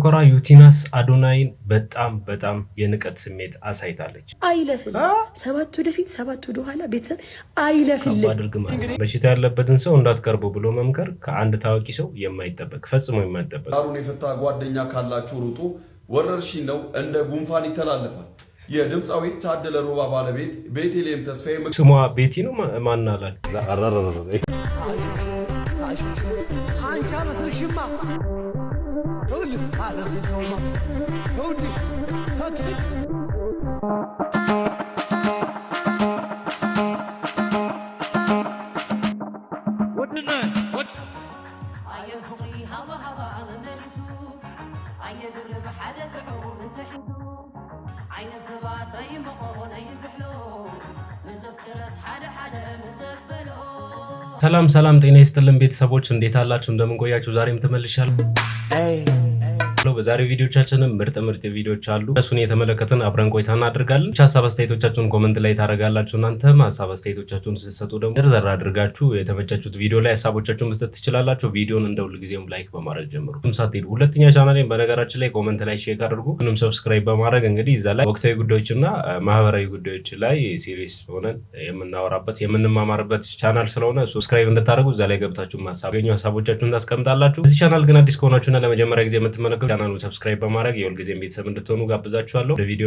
ሰኮራ ዩቲናስ አዶናይን በጣም በጣም የንቀት ስሜት አሳይታለች። አይለፍል ሰባት ወደፊት ሰባት ወደኋላ ቤተሰብ አይለፍል በሽታ ያለበትን ሰው እንዳትቀርቡ ብሎ መምከር ከአንድ ታዋቂ ሰው የማይጠበቅ ፈጽሞ የማይጠበቅ ሩን የፈታ ጓደኛ ካላችሁ ሩጡ። ወረርሽኝ ነው፣ እንደ ጉንፋን ይተላለፋል። የድምፃዊ ታደለ ሮባ ባለቤት ቤቴሌም ተስፋዬ ስሟ ቤቲ ነው ማናላል ሰላም ሰላም፣ ጤና ይስጥልን ቤተሰቦች እንዴት አላችሁ? እንደምንቆያችሁ ዛሬም ተመልሻለሁ። በዛሬው ቪዲዮቻችንም ምርጥ ምርጥ ቪዲዮዎች አሉ። እሱን የተመለከትን አብረን ቆይታ እናደርጋለን። ብቻ ሀሳብ አስተያየቶቻችሁን ኮመንት ላይ ታደርጋላችሁ። እናንተም ሀሳብ አስተያየቶቻችሁን ስትሰጡ ደግሞ ዘርዘር አድርጋችሁ የተመቻችሁት ቪዲዮ ላይ ሀሳቦቻችሁን መስጠት ትችላላችሁ። ቪዲዮን እንደ ሁልጊዜም ላይክ በማድረግ ጀምሩ። ሳትሄዱ ሁለተኛ ቻናሌን በነገራችን ላይ ኮመንት ላይ ሼክ አድርጉ። ምንም ሰብስክራይብ በማድረግ እንግዲህ እዛ ላይ ወቅታዊ ጉዳዮች እና ማህበራዊ ጉዳዮች ላይ ሲሪስ ሆነን የምናወራበት የምንማማርበት ቻናል ስለሆነ ሰብስክራይብ እንድታደርጉ እዛ ላይ ገብታችሁ ሀሳብ ገኙ ሀሳቦቻችሁን ታስቀምጣላችሁ። እዚህ ቻናል ግን አዲስ ከሆናችሁና ለመጀመሪያ ጊዜ የምትመለከቱ ቻናሉ ሰብስክራይብ በማድረግ የሁልጊዜም ቤተሰብ እንድትሆኑ ጋብዛችኋለሁ። ለቪዲዮ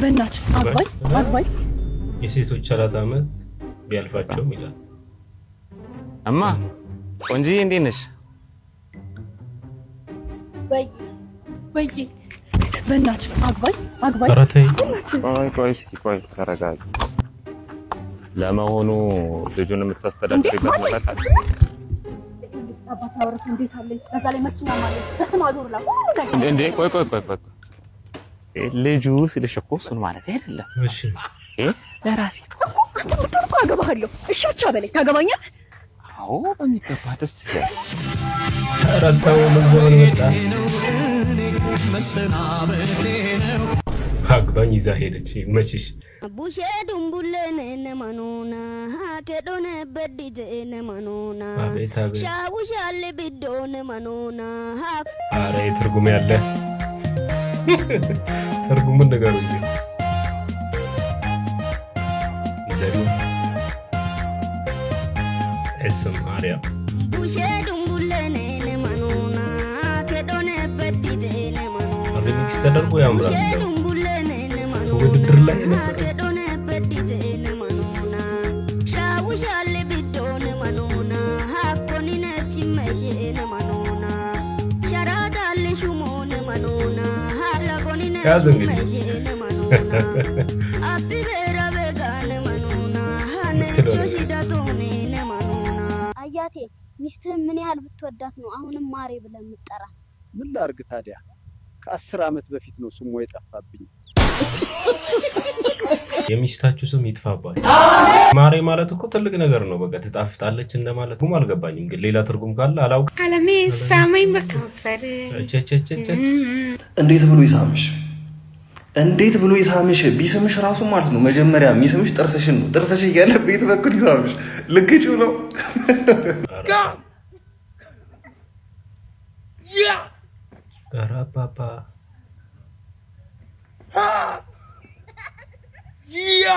በእናትህ የሴቶች አራት ዓመት ቢያልፋቸውም ይላል። እማ እንዴት ነሽ? ወይ ወይ በእናትህ አግባኝ አግባኝ። ኧረ ተይ፣ ቆይ ቆይ፣ እስኪ ቆይ ተረጋጋ። ለመሆኑ ልጁን የምታስተዳድርበት ማለት እንዴ? ቆይ ቆይ ቆይ ቆይ፣ ልጁ ስልሽ እኮ እሱን ማለት አይደለም። እሺ እ ለራሴ አንተ ብትወር እኮ አገባሃለሁ። እሺ አቻ በለኝ ታገባኛለህ? አዎ በሚገባ ደስ ይላል። ኧረ ተው ምን ዘመን መጣ መሰናበቴ ነው። አግባኝ ይዛ ሄደች። መችሽ ቡሼ ዱምቡለን ነማኖና ከዶነ በድት ነማኖና ሻውሻል ብዶ ነማኖና አረ ትርጉም ያለ ትርጉሙን ነገሩ ዘሪው እስም አሪያ ተደርጎ ያምራል። ውድድር ላይ ነበር። ያዝ አያቴ ሚስትህን ምን ያህል ብትወዳት ነው አሁንም ማሬ ብለህ የምትጠራት? ምን ላድርግ ታዲያ ከአስር ዓመት በፊት ነው ስሟ የጠፋብኝ። የሚስታችሁ ስም ይጥፋባችሁ። ማሬ ማለት እኮ ትልቅ ነገር ነው። በቃ ትጣፍጣለች እንደማለት ነው። አልገባኝም፣ ግን ሌላ ትርጉም ካለ አላውቅም። አለሜ ሳመኝ መከፈል። እንዴት ብሎ ይሳምሽ? እንዴት ብሎ ይሳምሽ? ቢስምሽ ራሱ ማለት ነው መጀመሪያ የሚስምሽ ጥርስሽን ነው። ጥርስሽ እያለ ቤት በኩል ይሳምሽ። ልግጩ ነው ቀረፓፓ ያ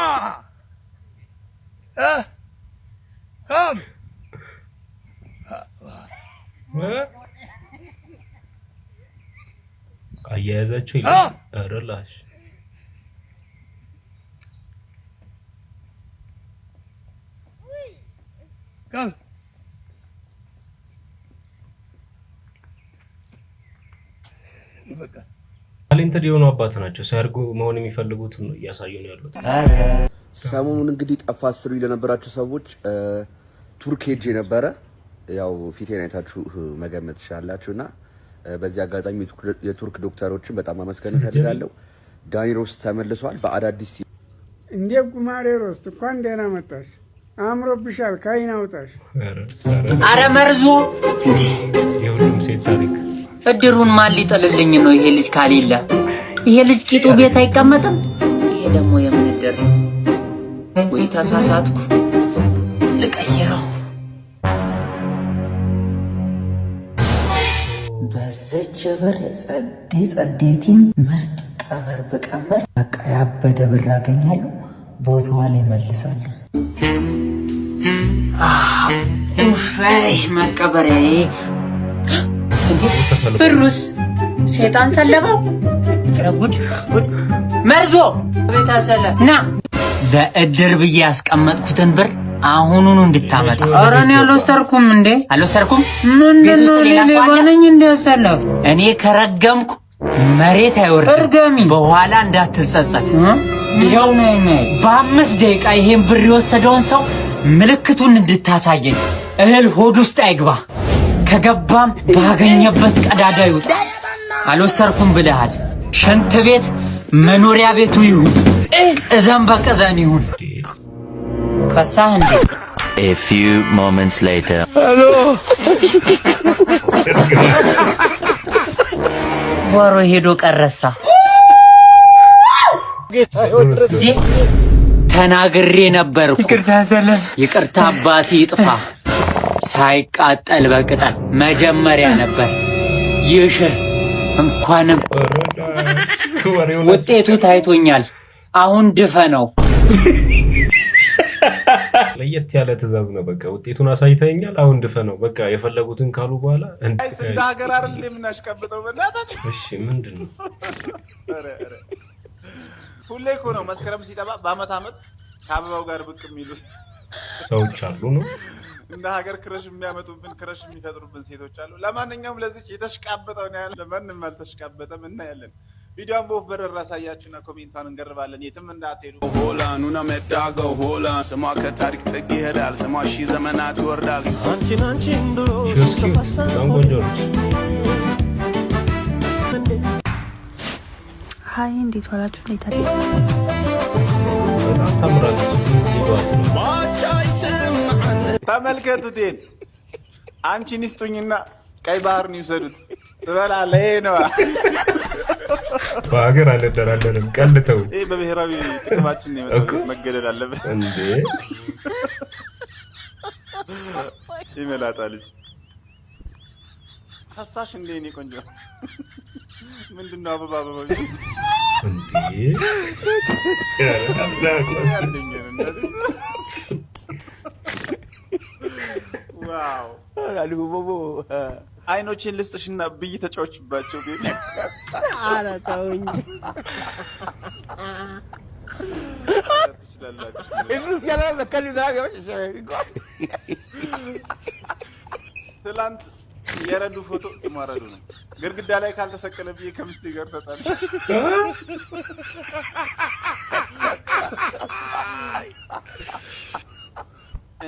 አያያዛቸው ረላሽ Go. በቃ ታሌንትድ የሆኑ አባት ናቸው። ሰርጉ መሆን የሚፈልጉት ነው እያሳዩ ነው ያሉት። ሰሞኑን እንግዲህ ጠፋ ስሩ ለነበራችሁ ሰዎች ቱርክ ሄጄ ነበረ። ያው ፊቴን አይታችሁ መገመት ትችላላችሁ። እና በዚህ አጋጣሚ የቱርክ ዶክተሮችን በጣም አመስገን እፈልጋለሁ። ዳኒ ሮስት ተመልሷል በአዳዲስ እንዴ ጉማሬ ሮስት እንኳን ደህና መጣሽ። አምሮብሻል። ካይን አውጣሽ። አረ መርዙ እንዲ የሁሉም ሴት ታሪክ እድሩን ማን ሊጥልልኝ ነው? ይሄ ልጅ ካሌለ ይሄ ልጅ ቂጡ ቤት አይቀመጥም። ይሄ ደግሞ የምን እድር ወይ? ተሳሳትኩ፣ ልቀይረው። በዘች ብር ጸዴ ጸዴቲም ምርጥ ቀበር ብቀበር በቃ ያበደ ብር አገኛለሁ፣ ቦታዋ ላይ መልሳለሁ። ውይ መቀበሪያዬ ብሩስ ሴጣን ሰለበው። ጉድ ጉድ መርዞ ና ለእድር ብዬ ያስቀመጥኩትን ብር አሁኑኑ እንድታመጣ። ኧረ እኔ አልወሰርኩም እንዴ አልወሰርኩም። ምንድን ነው እኔ ሌባ እንዴ? ያሰለፍ እኔ ከረገምኩ መሬት አይወርድ። እርገሚ በኋላ እንዳትጸጸት። ይኸው በአምስት ደቂቃ ይሄን ብር የወሰደውን ሰው ምልክቱን እንድታሳየኝ። እህል ሆድ ውስጥ አይግባ። ከገባም ባገኘበት ቀዳዳ ይውጣ። አልወሰርኩም ብለሃል። ሽንት ቤት መኖሪያ ቤቱ ይሁን፣ ቅዘም በቅዘም ይሁን። ከሳህ እንዴ? A few moments later. Hello. ጓሮ ሄዶ ቀረሳ። ተናግሬ ነበርኩ። ይቅርታ አባቴ ይጥፋ። ሳይቃጠል በቅጠል መጀመሪያ ነበር። ይህ እንኳንም ውጤቱ ታይቶኛል። አሁን ድፈ ነው። ለየት ያለ ትዕዛዝ ነው። በቃ ውጤቱን አሳይተኛል። አሁን ድፈ ነው። በቃ የፈለጉትን ካሉ በኋላ እሺ፣ ምንድን ነው ሁሌ እኮ ነው መስከረም ሲጠባ በአመት አመት ከአበባው ጋር ብቅ የሚሉ ሰዎች አሉ ነው እንደ ሀገር ክረሽ የሚያመጡብን ክረሽ የሚፈጥሩብን ሴቶች አሉ። ለማንኛውም ለዚች የተሽቃበጠው ያለ አልተሽቃበጠም። እናያለን። ቪዲዮን በወፍ በረር አሳያችሁና ኮሜንቷን እንገርባለን። የትም እንዳትሄዱ። ሆላ ኑና ሆላ ስሟ ከታሪክ ጥግ ይሄዳል። ስሟ ሺ ዘመናት ይወርዳል። ሀይ እንዴት ዋላችሁ? እንዴት በጣም ታምራለች። ተመልከቱትን አንቺን ይስጡኝና ቀይ ባህርን ይውሰዱት። ትበላለ። ይሄ ነዋ። በሀገር አልደራደርም። ቀልተው ይሄ በብሔራዊ ጥቅማችን ነው መገደል አለበት እንዴ? ይመላጣ ልጅ ፈሳሽ እንዴ! እኔ ቆንጆ ምንድን ነው አበባ አበባ እንዴ? አይኖችን ልስጥሽና ብይ ተጫዎችባቸው። ኧረ ተውኝ ትላንት የረዱ ፎቶ ስማረዱ ረዱ ነው። ግድግዳ ላይ ካልተሰቀለ ብዬ ከሚስቴ ጋር ተጣል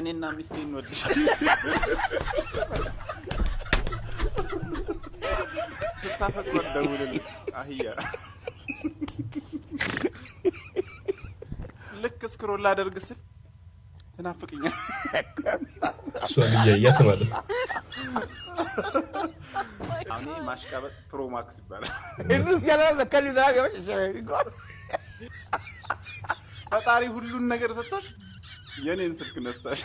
እኔና ሚስቴ እንወድሻለን። ስታፈቅሮ ደውልልኝ። አህያ ልክ እስክሮል ላደርግ ስል ትናፍቅኛል። እሷን እያያት ማለት አሁን ማሽቃበጥ ፕሮማክስ ይባላል። ፈጣሪ ሁሉን ነገር ሰጥቶሽ የኔን ስልክ ነሳሽ።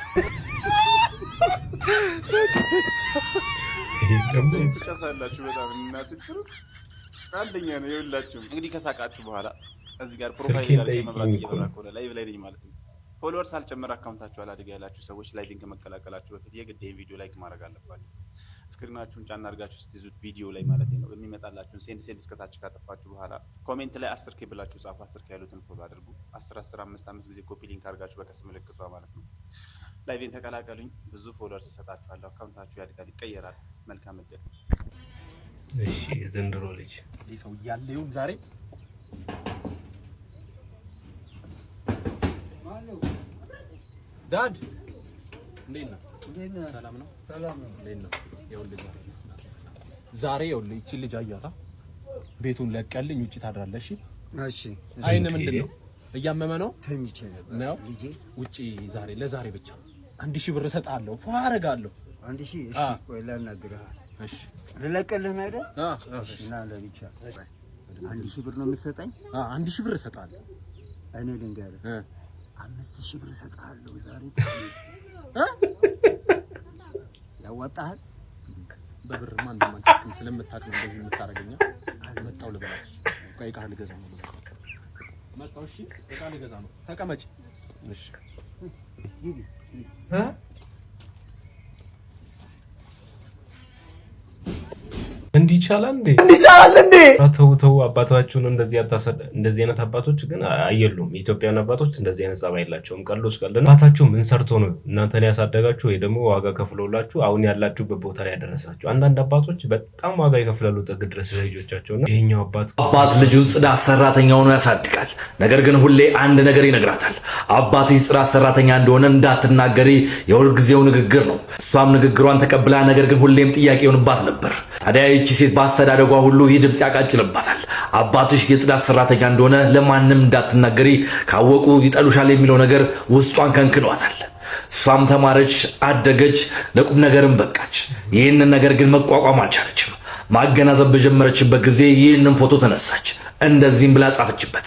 ጨሳላችሁ በጣም እናት አንደኛ ነው የሁላችሁም። እንግዲህ ከሳቃችሁ በኋላ እዚህ ጋር ፕሮፋይል ላይ መብራት እየበራ ከሆነ ላይቭ ላይ ነኝ ማለት ነው። ፎሎወርስ ሳልጨምር አካውንታችሁ አላድግ ያላችሁ ሰዎች ላይቪንግ ከመቀላቀላችሁ በፊት የግድ ይህን ቪዲዮ ላይክ ማድረግ አለባችሁ። ስክሪናችሁን ጫና አድርጋችሁ ስትይዙት ቪዲዮ ላይ ማለት ነው የሚመጣላችሁን ሴንድ ሴንድ እስከታች ካጠፋችሁ በኋላ ኮሜንት ላይ አስር ኬ ብላችሁ ጻፉ። አስር ኬ ያሉትን ፎሎ አድርጉ። አስር አስር አምስት አምስት ጊዜ ኮፒ ሊንክ አድርጋችሁ በቀስ ምልክቷ ማለት ነው ላይቬን ተቀላቀሉኝ። ብዙ ፎሎወርስ እሰጣችኋለሁ። አካውንታችሁ ያድጋል፣ ይቀየራል። መልካም እድል። እሺ ዘንድሮ ልጅ ይህ ሰው ይሁን ዛሬ ዳድ እንዴት ነው? ሰላም ነው። ዛሬ ይኸውልህ ይቺን ልጅ አያታ ቤቱን ለቀልኝ ውጭ ታድራለሽ። እሺ አይን ምንድን ነው እያመመ ነው? ተኝቼ ነበር። ውጪ። ዛሬ ለዛሬ ብቻ አንድ ሺህ ብር እሰጥሃለሁ። ፏ አንድ ሺህ እሺ። ቆይ ላናግርህ። እሺ ልለቀልህ ነው አይደል? እሺ እና ለብቻ አንድ ሺህ ብር ነው የምትሰጠኝ? አንድ ሺህ ብር እሰጥሃለሁ። እኔ ልንገርህ፣ አምስት ሺህ ብር እሰጥሃለሁ ዛሬ ያዋጣሃል። በብርማ እንደማንጠቅም ስለምታውቅ ነው እንደዚህ የምታደርገኛ። መጣሁ ልበላሽ፣ ቆይ ዕቃ ልገዛ ነው። መጣሁ። እሺ፣ ዕቃ ልገዛ ነው። ተቀመጭ። እሺ እንዲህ ይቻላል እንዴ? እንዲህ ይቻላል እንዴ? ተው ተው፣ አባታችሁን እንደዚህ አታሰደ። እንደዚህ አይነት አባቶች ግን አየሉም። የኢትዮጵያን አባቶች እንደዚህ አይነት ጸባይ የላቸውም። ቀልዶ ስቀልድ ነው። አባታችሁ ምን ሰርቶ ነው እናንተን ያሳደጋችሁ ወይ ደግሞ ዋጋ ከፍሎላችሁ አሁን ያላችሁበት ቦታ ላይ ያደረሳችሁ? አንዳንድ አባቶች በጣም ዋጋ ይከፍላሉ ጥግ ድረስ ልጆቻቸው። እና ይሄኛው አባት አባት ልጁን ጽዳት ሰራተኛ ሆኖ ያሳድጋል። ነገር ግን ሁሌ አንድ ነገር ይነግራታል። አባትሽ ጽዳት ሰራተኛ እንደሆነ እንዳትናገሪ የሁልጊዜው ንግግር ነው። እሷም ንግግሯን ተቀብላ ነገር ግን ሁሌም ጥያቄ ይሆንባት ነበር። ታዲያ ይህች ሴት በአስተዳደጓ ሁሉ ይህ ድምፅ ያቃጭልባታል። አባትሽ የጽዳት ሰራተኛ እንደሆነ ለማንም እንዳትናገሪ ካወቁ ይጠሉሻል የሚለው ነገር ውስጧን ከንክኗታል። እሷም ተማረች፣ አደገች፣ ለቁም ነገርም በቃች። ይህንን ነገር ግን መቋቋም አልቻለችም። ማገናዘብ በጀመረችበት ጊዜ ይህንን ፎቶ ተነሳች፣ እንደዚህም ብላ ጻፈችበት።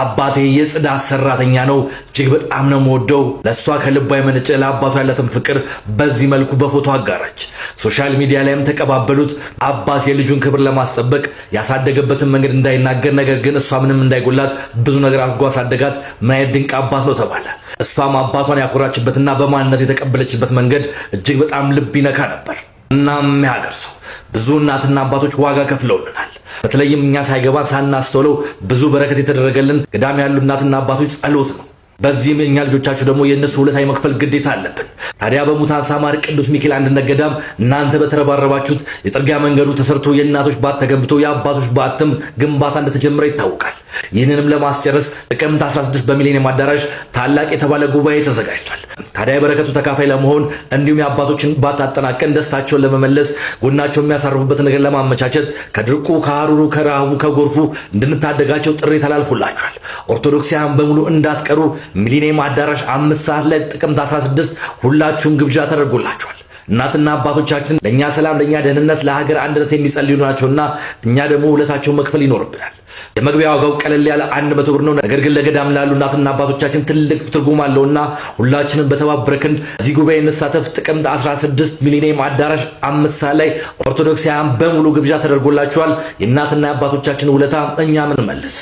አባቴ የጽዳት ሰራተኛ ነው። እጅግ በጣም ነው መወደው። ለእሷ ከልቧ የመነጨ ለአባቱ ያላትን ፍቅር በዚህ መልኩ በፎቶ አጋራች። ሶሻል ሚዲያ ላይም ተቀባበሉት። አባት የልጁን ክብር ለማስጠበቅ ያሳደገበትን መንገድ እንዳይናገር፣ ነገር ግን እሷ ምንም እንዳይጎላት ብዙ ነገር አድርጎ አሳደጋት። ምን አይነት ድንቅ አባት ነው ተባለ። እሷም አባቷን ያኮራችበትና በማንነቱ የተቀበለችበት መንገድ እጅግ በጣም ልብ ይነካ ነበር። እናም ያደርሰው ብዙ እናትና አባቶች ዋጋ ከፍለውልናል። በተለይም እኛ ሳይገባን ሳናስተውለው ብዙ በረከት የተደረገልን ገዳም ያሉ እናትና አባቶች ጸሎት ነው። በዚህም እኛ ልጆቻችሁ ደግሞ የእነሱ ውለታ መክፈል ግዴታ አለብን። ታዲያ በሙታን ሳማር ቅዱስ ሚካኤል አንድነት ገዳም እናንተ በተረባረባችሁት የጥርጊያ መንገዱ ተሰርቶ የእናቶች ባት ተገንብቶ የአባቶች ባትም ግንባታ እንደተጀመረ ይታወቃል። ይህንንም ለማስጨረስ ጥቅምት 16 በሚሊኒየም አዳራሽ ታላቅ የተባለ ጉባኤ ተዘጋጅቷል። ታዲያ የበረከቱ ተካፋይ ለመሆን እንዲሁም የአባቶችን ባት አጠናቀን ደስታቸውን ለመመለስ ጎናቸው የሚያሳርፉበት ነገር ለማመቻቸት ከድርቁ፣ ከሐሩሩ፣ ከረሃቡ፣ ከጎርፉ እንድንታደጋቸው ጥሪ ተላልፎላቸዋል። ኦርቶዶክሲያን በሙሉ እንዳትቀሩ ሚሊኒየም አዳራሽ አምስት ሰዓት ላይ ጥቅምት 16 ሁላችሁም ግብዣ ተደርጎላችኋል። እናትና አባቶቻችን ለእኛ ሰላም፣ ለእኛ ደህንነት፣ ለሀገር አንድነት የሚጸልዩ ናቸውና እኛ ደግሞ ውለታቸውን መክፈል ይኖርብናል። የመግቢያ ዋጋው ቀለል ያለ አንድ መቶ ብር ነው። ነገር ግን ለገዳም ላሉ እናትና አባቶቻችን ትልቅ ትርጉም አለውና ሁላችንም በተባበረ ክንድ እዚህ ጉባኤ እንሳተፍ። ጥቅምት 16 ሚሊኒየም አዳራሽ አምስት ሰዓት ላይ ኦርቶዶክሳውያን በሙሉ ግብዣ ተደርጎላችኋል። የእናትና የአባቶቻችን ውለታ እኛ ምንመልስ።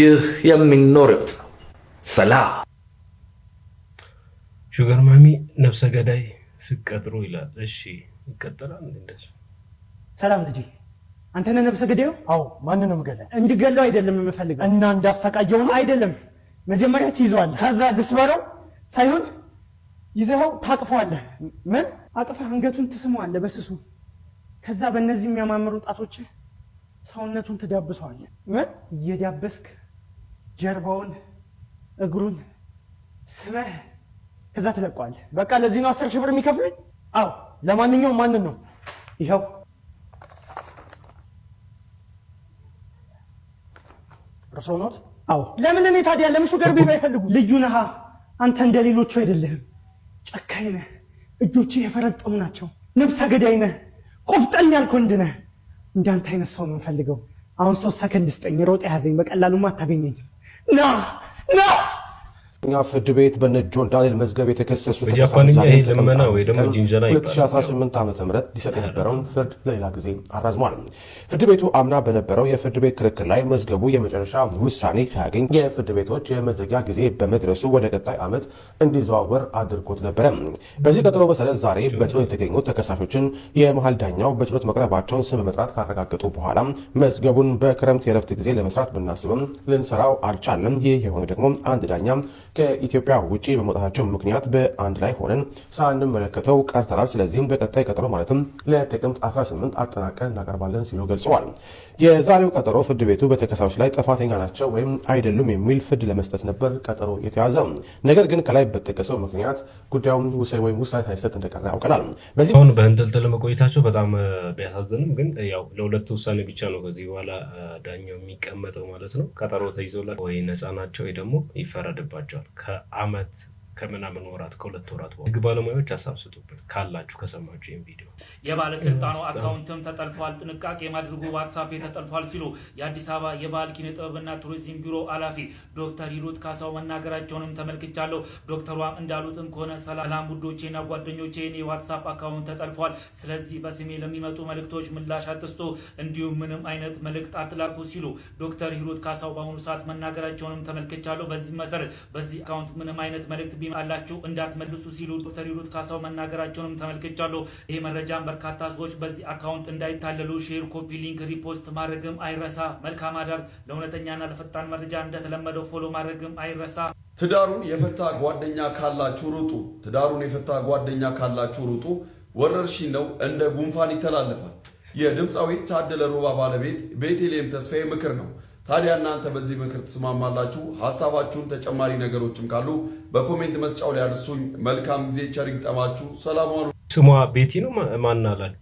ይህ የሚኖር ነው። ሰላም ሹገር ማሚ ነፍሰ ገዳይ ስቀጥሩ ይላል። እሺ ይቀጠላል። ሰላም ልጅ አንተ ነህ ነፍሰ ገዳዩ? አዎ። ማንን ነው የምገለው? እንድገለው አይደለም የምፈልገው እና እንዳሰቃየው ነው አይደለም። መጀመሪያ ትይዘዋለህ፣ ከዛ ልስበረው ሳይሆን ይዘኸው ታቅፈዋለህ። ምን አቅፈህ አንገቱን ትስመዋለህ በስሱ። ከዛ በእነዚህ የሚያማምሩ ጣቶች ሰውነቱን ትዳብሰዋለህ። ምን እየዳበስክ ጀርባውን፣ እግሩን ስበህ ከዛ ትለቀዋለህ። በቃ ለዚህ ነው አስር ሺህ ብር የሚከፍሉኝ? አዎ። ለማንኛውም ማንን ነው ይኸው እርስዎ ኖት? አዎ። ለምን እኔ ታዲያ? ለምን ገርቢ ቤቢ ልዩ ነህ አንተ፣ እንደ ሌሎቹ አይደለህም። ጨካኝ ነህ፣ እጆችህ የፈረጠሙ ናቸው። ነብሰ ገዳይ ነህ፣ ቆፍጠን ያልክ ወንድ ነህ። እንዳንተ አይነት ሰው ነው የምፈልገው። አሁን ሶስት ሰከንድ ስጠኝ። ሮጥ ያዘኝ፣ በቀላሉማ አታገኘኝም። ና ና ኛ ፍርድ ቤት በነ ጆን ዳንኤል መዝገብ የተከሰሱ በ2018 ዓ ም ሊሰጥ የነበረውን ፍርድ ለሌላ ጊዜ አራዝሟል። ፍርድ ቤቱ አምና በነበረው የፍርድ ቤት ክርክር ላይ መዝገቡ የመጨረሻ ውሳኔ ሳያገኝ የፍርድ ቤቶች የመዘጊያ ጊዜ በመድረሱ ወደ ቀጣይ ዓመት እንዲዘዋወር አድርጎት ነበረ። በዚህ ቀጠሮ መሰረት ዛሬ በችሎት የተገኙ ተከሳሾችን የመሀል ዳኛው በችሎት መቅረባቸውን ስም በመጥራት ካረጋገጡ በኋላ መዝገቡን በክረምት የረፍት ጊዜ ለመስራት ብናስብም ልንሰራው አልቻለም። ይህ የሆነ ደግሞ አንድ ዳኛ ከኢትዮጵያ ውጭ በመውጣታቸው ምክንያት በአንድ ላይ ሆነን ሳንመለከተው ቀርተናል። ስለዚህም በቀጣይ ቀጠሮ ማለትም ለጥቅምት 18 አጠናቀን እናቀርባለን ሲሉ ገልጸዋል። የዛሬው ቀጠሮ ፍርድ ቤቱ በተከሳዮች ላይ ጥፋተኛ ናቸው ወይም አይደሉም የሚል ፍርድ ለመስጠት ነበር ቀጠሮ የተያዘው። ነገር ግን ከላይ በተጠቀሰው ምክንያት ጉዳዩን ወይም ውሳኔ ሳይሰጥ እንደቀረ ያውቀናል። በዚህ አሁን በእንጥልጥል መቆየታቸው በጣም ቢያሳዝንም ግን ያው ለሁለት ውሳኔ ብቻ ነው ከዚህ በኋላ ዳኛው የሚቀመጠው ማለት ነው። ቀጠሮ ተይዞላ ወይ ነፃ ናቸው ወይ ደግሞ ይፈረድባቸዋል ከአመት ከምናምን ወራት ከሁለት ወራት ህግ ባለሙያዎች አሳብስጡበት ካላችሁ ከሰማችሁ ይህም ቪዲዮ የባለስልጣኑ አካውንትም ተጠልቷል፣ ጥንቃቄ ማድረጉ ዋትሳፕ ተጠልፏል ሲሉ የአዲስ አበባ የባህል ኪነ ጥበብና ቱሪዝም ቢሮ ኃላፊ ዶክተር ሂሩት ካሳው መናገራቸውንም ተመልክቻለሁ። ዶክተሯ እንዳሉትም ከሆነ ሰላም ውዶቼና ጓደኞቼ የዋትሳፕ አካውንት ተጠልፏል፣ ስለዚህ በስሜ ለሚመጡ መልእክቶች ምላሽ አትስጡ፣ እንዲሁም ምንም አይነት መልእክት አትላኩ ሲሉ ዶክተር ሂሩት ካሳው በአሁኑ ሰዓት መናገራቸውንም ተመልክቻለሁ። በዚህ መሰረት በዚህ አካውንት ምንም አይነት መልእክት ቢመጣላችሁ እንዳትመልሱ ሲሉ ዶክተር ሂሩት ካሳው መናገራቸውንም ተመልክቻለሁ። ይህ መረጃ መረጃን በርካታ ሰዎች በዚህ አካውንት እንዳይታለሉ ሼር፣ ኮፒ ሊንክ፣ ሪፖስት ማድረግም አይረሳ። መልካም አዳር። ለእውነተኛና ለፈጣን መረጃ እንደተለመደው ፎሎ ማድረግም አይረሳ። ትዳሩን የፈታ ጓደኛ ካላችሁ ሩጡ። ትዳሩን የፈታ ጓደኛ ካላችሁ ሩጡ። ወረርሽኝ ነው፣ እንደ ጉንፋን ይተላለፋል። የድምፃዊ ታደለ ሮባ ባለቤት ቤቴሌም ተስፋዬ ምክር ነው። ታዲያ እናንተ በዚህ ምክር ትስማማላችሁ? ሀሳባችሁን፣ ተጨማሪ ነገሮችም ካሉ በኮሜንት መስጫው ላይ አድርሱኝ። መልካም ጊዜ፣ ቸር ይግጠማችሁ። ሰላም ዋሉ። ስሟ ቤቲ ነው ማናላል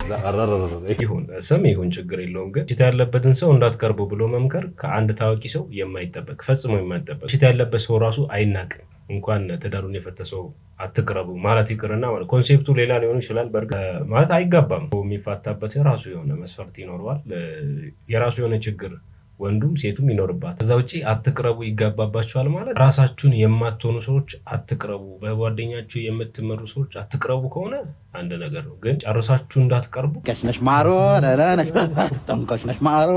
ይሁን ስም ይሁን ችግር የለውም። ግን ሽታ ያለበትን ሰው እንዳትቀርቡ ብሎ መምከር ከአንድ ታዋቂ ሰው የማይጠበቅ ፈጽሞ የማይጠበቅ ሽታ ያለበት ሰው ራሱ አይናቅም። እንኳን ትዳሩን የፈተሰው አትቅረቡ ማለት ይቅርና ኮንሴፕቱ ሌላ ሊሆን ይችላል። በእርግጥ ማለት አይጋባም። የሚፋታበት የራሱ የሆነ መስፈርት ይኖረዋል። የራሱ የሆነ ችግር ወንዱም ሴቱም ይኖርባት። ከዛ ውጭ አትቅረቡ ይጋባባችኋል ማለት ራሳችሁን የማትሆኑ ሰዎች አትቅረቡ፣ በጓደኛችሁ የምትመሩ ሰዎች አትቅረቡ ከሆነ አንድ ነገር ነው። ግን ጨርሳችሁ እንዳትቀርቡ። ማሮ ጠንቀሽ ነሽ ማሮ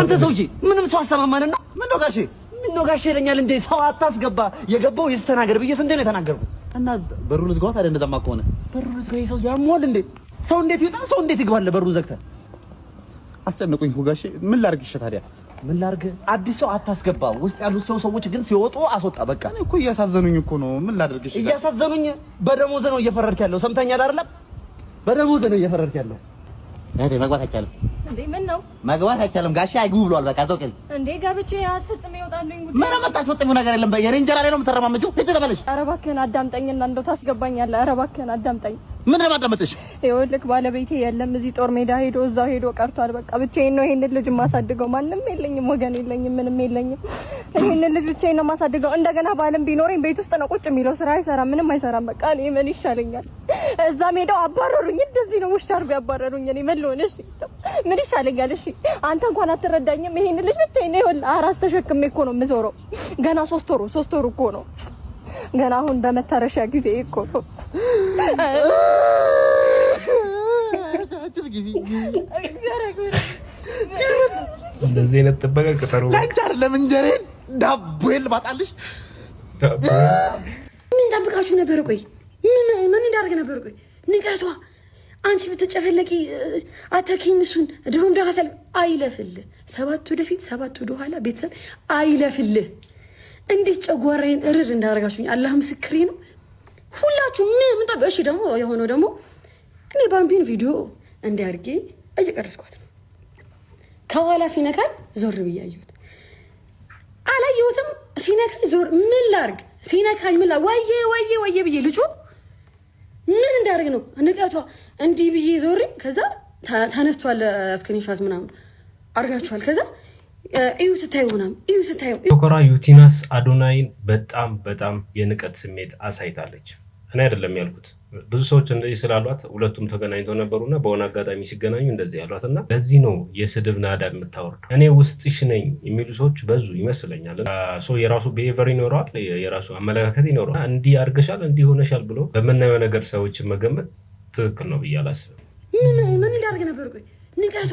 አንተ ሰውዬ ምንም ሰው አሰማማንና ምን ነው ጋሼ ምን ነው ይለኛል እንዴ ሰው አታስገባ፣ የገባው ይስተናገር ብዬ ስንዴ ነው የተናገርኩ። እና በሩ ዝጋው ታዲያ እንደዛማ ከሆነ በሩ ዝጋ። ሰው ያሟል እንዴ ሰው እንዴት ይወጣ? ሰው እንዴት ይግባለ? በሩ ዘግተን አስጨነቁኝ እኮ ጋሼ። ምን ላድርግ? እሺ ታዲያ ምን ላድርግ? አዲስ ሰው አታስገባ። ውስጥ ያሉት ሰው ሰዎች ግን ሲወጡ አስወጣ። በቃ እኔ እኮ እያሳዘኑኝ እኮ ነው። ምን ላድርግ? እሺ እያሳዘኑኝ። በደሞዝ ነው እየፈረድክ ያለው። ሰምተኛል አይደለም? በደሞዝ ነው እየፈረድክ ያለው። እህቴ መግባት አይቻልም እንዴ? ምን ነው መግባት አይቻልም? ጋሼ አይግቡ ብሏል። በቃ እዛው እንዴ ጋብቼ አስፈጽሜ ይወጣሉኝ። ጉዳይ ምንም አታስፈጽሚው ነገር የለም። በየኔ እንጀራ ላይ ነው የምትረማመጂው። ሂጅ ተበለሽ። ኧረ እባክህን አዳምጠኝና እንደው ታስገባኛለህ። ኧረ እባክህን አዳምጠኝ ምን ለማዳመጥሽ? ይኸውልህ ባለቤቴ የለም እዚህ ጦር ሜዳ ሄዶ እዛው ሄዶ ቀርቷል። በቃ ብቻዬን ነው ይሄንን ልጅ የማሳድገው። ማንም የለኝም፣ ወገን የለኝም፣ ምንም የለኝም። ይሄንን ልጅ ብቻዬን ነው የማሳድገው። እንደገና ባልም ቢኖረኝ ቤት ውስጥ ነው ቁጭ የሚለው፣ ስራ አይሰራም፣ ምንም አይሰራም። በቃ እኔ ምን ይሻለኛል? እዛ ሜዳው አባረሩኝ፣ እንደዚህ ነው ውሻ አድርጎ ያባረሩኝ። እኔ ምን ልሆን? እሺ ምን ይሻለኛል? እሺ አንተ እንኳን አትረዳኝም። ይሄንን ልጅ ብቻዬን ነው ይኸውልህ፣ አራስ ተሸክሜ እኮ ነው የምዞረው። ገና ሶስት ወሩ ሶስት ወሩ እኮ ነው ገና አሁን በመታረሻ ጊዜ እኮ እንደዚህ አይነት ጥበቃ ቅጠሩ ዳክተር ለምንጀሬን ዳቦዬን ልማጣልሽ። ምን ጠብቃችሁ ነበር? ቆይ ምን ምን እንዳደርግ ነበር? ቆይ ንቀቷ አንቺ ብትጨፈለቂ አተኪኝ እሱን ድሮም ደሃሰል ሰልፍ አይለፍልህ። ሰባት ወደፊት ሰባት ወደኋላ ቤተሰብ አይለፍልህ። እንዴት ጨጓራዬን እርር እንዳደረጋችሁኝ አላህ ምስክሬ ነው። ሁላችሁ ምን ጠብ እሺ። ደግሞ የሆነው ደግሞ እኔ ባምቢን ቪዲዮ እንዲያርጌ እየቀረስኳት ነው። ከኋላ ሲነካኝ ዞር ብዬ አየሁት። አላየሁትም። ሲነካኝ ዞር ምን ላርግ? ሲነካኝ ምን ላርግ? ወየ ወየ ብዬ ልጩ ምን እንዳደርግ ነው ንቀቷ። እንዲህ ብዬ ዞሪ። ከዛ ተነስቷል። ስክሪንሻት ምናምን አርጋችኋል። ከዛ እዩ ስታዩ እዩ ስታዩ ዩቲናስ አዶናይን በጣም በጣም የንቀት ስሜት አሳይታለች። እኔ አይደለም ያልኩት ብዙ ሰዎች እንደዚህ ስላሏት ሁለቱም ተገናኝተው ነበሩና በሆነ አጋጣሚ ሲገናኙ እንደዚህ ያሏት እና ለዚህ ነው የስድብ ናዳ የምታወርዱ። እኔ ውስጥሽ ነኝ የሚሉ ሰዎች በዙ ይመስለኛል። ሰው የራሱ ብሄቨር ይኖረዋል፣ የራሱ አመለካከት ይኖረዋል። እንዲህ አድርገሻል፣ እንዲህ ሆነሻል ብሎ በምናየው ነገር ሰዎችን መገመት ትክክል ነው ብዬ አላስብም። ምን ምን ሊያደርግ ነበር? ንቀቷ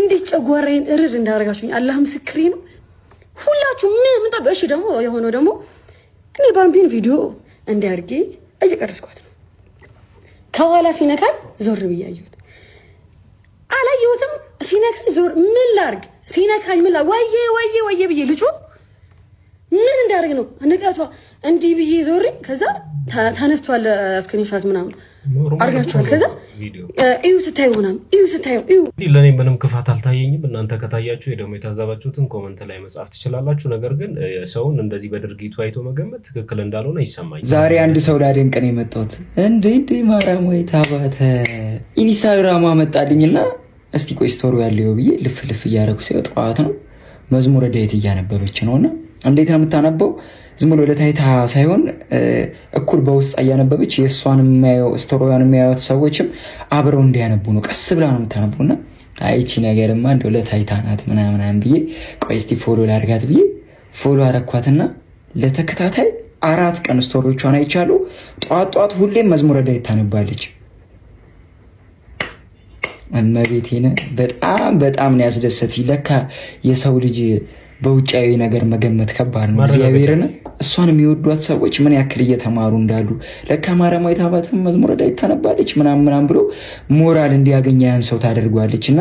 እንዴት ጨጓራዬን እርር እንዳደረጋችሁኝ አላህ ምስክሬ ነው። ሁላችሁ ምን ምንጣብ። እሺ ደግሞ የሆነው ደግሞ እኔ ባምቢን ቪዲዮ እንዲያርጌ እየቀረስኳት ነው። ከኋላ ሲነካል ዞር ብዬ አላየሁትም። ሲነካል ዞር ምን ላርግ? ሲነካኝ ምን ላርግ? ወየ ወየ ወየ ብዬ ልጩ ምን እንዳደርግ ነው ንቀቷ። እንዲህ ብዬ ዞሬ ከዛ ተነስቷል ስክሪንሻት ምናምን አድርጋችኋል። ከዛ እዩ ስታዩ ምናምን እዩ ስታዩ እዩ። ለእኔ ምንም ክፋት አልታየኝም። እናንተ ከታያችሁ ደግሞ የታዘባችሁትን ኮመንት ላይ መጻፍ ትችላላችሁ። ነገር ግን ሰውን እንደዚህ በድርጊቱ አይቶ መገመት ትክክል እንዳልሆነ ይሰማኛል። ዛሬ አንድ ሰው ላደንቅ ነው የመጣሁት። እንዴ እንዴ ማርያም ወይ ታባተ ኢንስታግራም አመጣልኝና እስቲ ቆይ ስቶሪ ያለው ብዬ ልፍ ልፍ እያደረጉ ሲወጥ ጠዋት ነው መዝሙረ ዳዊት እያነበበች ነው እና እንዴት ነው የምታነበው? ዝም ብሎ ለታይታ ሳይሆን እኩል በውስጥ እያነበበች የእሷን የሚያየው ስቶሪዋን የሚያዩት ሰዎችም አብረው እንዲያነቡ ነው። ቀስ ብላ ነው የምታነቡ እና አይቺ ነገርማ እንደው ለታይታ ናት ምናምናም ብዬ ቆይ እስቲ ፎሎ ላድርጋት ብዬ ፎሎ አረኳትና ለተከታታይ አራት ቀን ስቶሪዎቿን አይቻሉ። ጠዋት ጠዋት ሁሌም መዝሙረ ዳዊት ታነባለች። እመቤቴን በጣም በጣም ነው ያስደሰት። ለካ የሰው ልጅ በውጫዊ ነገር መገመት ከባድ ነው። እግዚአብሔርን እሷን የሚወዷት ሰዎች ምን ያክል እየተማሩ እንዳሉ ለካ ማርያማዊት አባት መዝሙረ ዳዊት ታነባለች ምናምን ምናምን ብሎ ሞራል እንዲያገኝ ያን ሰው ታደርጓለች እና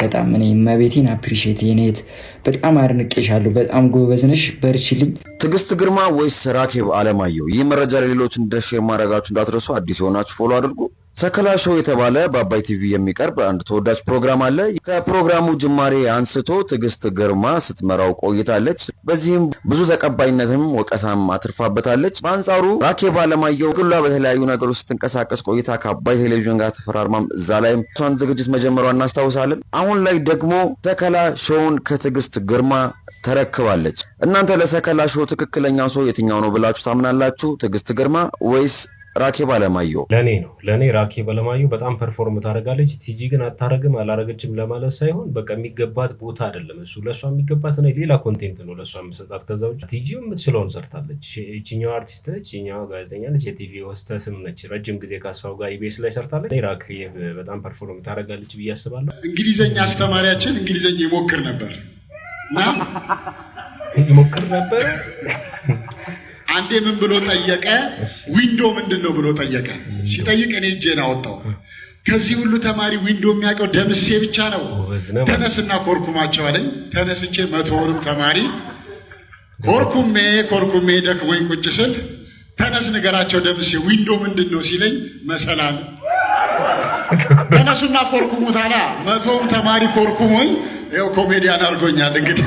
በጣም እኔ መቤቴን አፕሪሼት ኔት በጣም አድንቄሻለሁ። በጣም ጎበዝነሽ፣ በርችልኝ። ትዕግስት ግርማ ወይስ ራኬብ አለማየሁ? ይህ መረጃ ለሌሎች እንደሽ ማድረጋችሁ እንዳትረሱ። አዲስ የሆናችሁ ፎሎ አድርጉ። ሰከላ ሾው የተባለ በአባይ ቲቪ የሚቀርብ አንድ ተወዳጅ ፕሮግራም አለ። ከፕሮግራሙ ጅማሬ አንስቶ ትዕግስት ግርማ ስትመራው ቆይታለች። በዚህም ብዙ ተቀባይነትም ወቀሳም አትርፋበታለች። በአንጻሩ ራኬብ አለማየሁ ግሏ በተለያዩ ነገሮች ስትንቀሳቀስ ቆይታ ከአባይ ቴሌቪዥን ጋር ተፈራርማም እዛ ላይም እሷን ዝግጅት መጀመሯን እናስታውሳለን። አሁን ላይ ደግሞ ሰከላ ሾውን ከትዕግስት ግርማ ተረክባለች። እናንተ ለሰከላ ሾው ትክክለኛ ሰው የትኛው ነው ብላችሁ ታምናላችሁ? ትዕግስት ግርማ ወይስ ራኬብ አለማየሁ ለእኔ ነው። ለእኔ ራኬብ አለማየሁ በጣም ፐርፎርም ታደርጋለች። ቲጂ ግን አታረግም አላረገችም ለማለት ሳይሆን በቃ የሚገባት ቦታ አይደለም እሱ ለእሷ የሚገባት ነ ሌላ ኮንቴንት ነው ለእሷ የምሰጣት። ከዛ ውጭ ቲጂ የምትችለውን ሰርታለች። ይችኛው አርቲስት ነች፣ ይችኛዋ ጋዜጠኛ ነች፣ የቲቪ ሆስተስም ነች። ረጅም ጊዜ ከአስፋው ጋር ኢቤስ ላይ ሰርታለች። እኔ ራኬብ በጣም ፐርፎርም ታደርጋለች ብዬ አስባለሁ። እንግሊዘኛ አስተማሪያችን እንግሊዘኛ ይሞክር ነበር ይሞክር ነበር አንዴ ምን ብሎ ጠየቀ? ዊንዶ ምንድን ነው ብሎ ጠየቀ። ሲጠይቅ እኔ እጄን አወጣው። ከዚህ ሁሉ ተማሪ ዊንዶ የሚያውቀው ደምሴ ብቻ ነው። ተነስና ኮርኩማቸው አለኝ። ተነስቼ መቶውንም ተማሪ ኮርኩሜ ኮርኩሜ ደክሞኝ ቁጭ ስል ተነስ ንገራቸው ደምሴ ዊንዶ ምንድን ነው ሲለኝ መሰላል ተነሱና ኮርኩሙት አላ። መቶም ተማሪ ኮርኩሞኝ ይኸው ኮሜዲያን አድርጎኛል እንግዲህ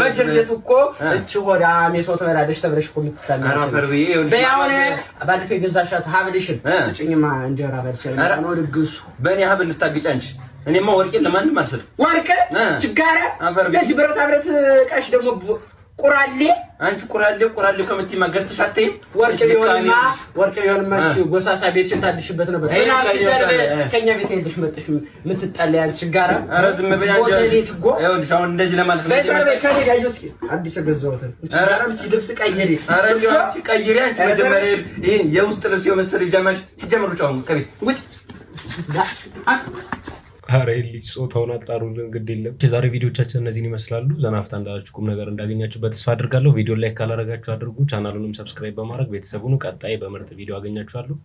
በእስር ቤቱ እኮ እች ሆዳም የሰው ትበላለች ተብለሽ እኮ የምትታበያሆነ ባለፈው የገዛሻት ሀብልሽን ስጭኝማ እንጀራ በልቼ ነው ድግሱ። በእኔ ሀብል ልታግጫ አንቺ። እኔማ ወርቄ ለማንም አልሰጥም። ወርቅ ችጋራ፣ ለዚህ ብረታ ብረት ቀሽ ደግሞ ቁራሌ አንቺ ቁራሌ ቁራሌ ከምትይማ ገዝተሽ ወርቅ ቢሆንማ ወርቅ ቢሆንማ ጎሳሳ ቤትሽን ታድሽበት ነበር። ዝናብ ሲዘንብ ከእኛ ቤት ሄደሽ መጥሽ የምትጠለይ አንቺ ጋራ። ኧረ ዝም በይ እንደዚህ ለማለት ነው። ከኔ ጋር አዲስ ቀይሪ። ቀይሪ። አንቺ የውስጥ ልብስ የመሰለ ጃማሽ ሲጀምሩ ጫውን ከቤት ውጭ አረ ልጅ ጾታውን አጣሩልን፣ ግድ የለም። የዛሬ ቪዲዮቻችን እነዚህን ይመስላሉ። ዘናፍታ እንዳላችሁ ቁም ነገር እንዳገኛችሁ በተስፋ አድርጋለሁ። ቪዲዮ ላይ ካላረጋችሁ አድርጉ። ቻናሉንም ሰብስክራይብ በማድረግ ቤተሰቡን ቀጣይ በምርጥ ቪዲዮ አገኛችኋለሁ።